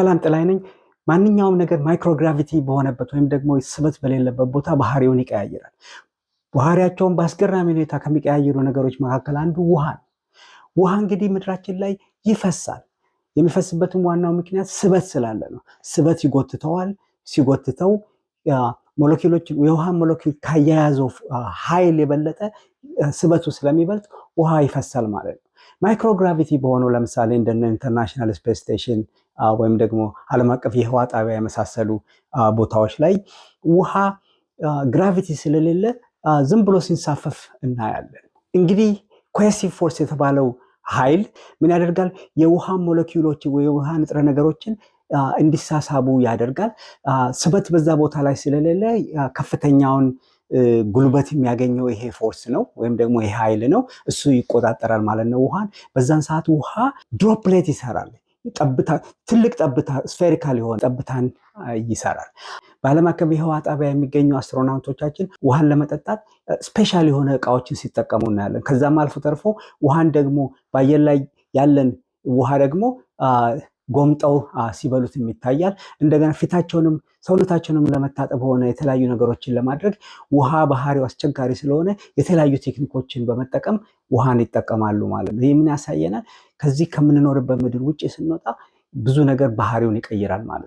ሰላም ጥላዬ ነኝ። ማንኛውም ነገር ማይክሮግራቪቲ በሆነበት ወይም ደግሞ ስበት በሌለበት ቦታ ባህሪውን ይቀያይራል። ባህሪያቸውን በአስገራሚ ሁኔታ ከሚቀያየሩ ነገሮች መካከል አንዱ ውሃ ነው። ውሃ እንግዲህ ምድራችን ላይ ይፈሳል። የሚፈስበትም ዋናው ምክንያት ስበት ስላለ ነው። ስበት ይጎትተዋል። ሲጎትተው ሞለኪሎችን የውሃ ሞለኪል ካያያዘው ኃይል የበለጠ ስበቱ ስለሚበልጥ ውሃ ይፈሳል ማለት ነው። ማይክሮግራቪቲ በሆኑ ለምሳሌ እንደ ኢንተርናሽናል ስፔስ ስቴሽን ወይም ደግሞ ዓለም አቀፍ የህዋ ጣቢያ የመሳሰሉ ቦታዎች ላይ ውሃ ግራቪቲ ስለሌለ ዝም ብሎ ሲንሳፈፍ እናያለን። እንግዲህ ኮሄሲቭ ፎርስ የተባለው ኃይል ምን ያደርጋል? የውሃ ሞለኪውሎች የውሃ ንጥረ ነገሮችን እንዲሳሳቡ ያደርጋል። ስበት በዛ ቦታ ላይ ስለሌለ ከፍተኛውን ጉልበት የሚያገኘው ይሄ ፎርስ ነው ወይም ደግሞ ይሄ ኃይል ነው። እሱ ይቆጣጠራል ማለት ነው ውሃን። በዛን ሰዓት ውሃ ድሮፕሌት ይሰራል። ጠብታ ትልቅ ጠብታ ስፌሪካል የሆነ ጠብታን ይሰራል። በዓለም አቀፍ የህዋ ጣቢያ የሚገኙ አስትሮናውቶቻችን ውሃን ለመጠጣት ስፔሻል የሆነ እቃዎችን ሲጠቀሙ እናያለን። ከዛም አልፎ ተርፎ ውሃን ደግሞ በአየር ላይ ያለን ውሃ ደግሞ ጎምጠው ሲበሉትም ይታያል። እንደገና ፊታቸውንም ሰውነታቸውንም ለመታጠብ ሆነ የተለያዩ ነገሮችን ለማድረግ ውሃ ባህሪው አስቸጋሪ ስለሆነ የተለያዩ ቴክኒኮችን በመጠቀም ውሃን ይጠቀማሉ ማለት ነው። ይህ ምን ያሳየናል? ከዚህ ከምንኖርበት ምድር ውጭ ስንወጣ ብዙ ነገር ባህሪውን ይቀይራል ማለት ነው።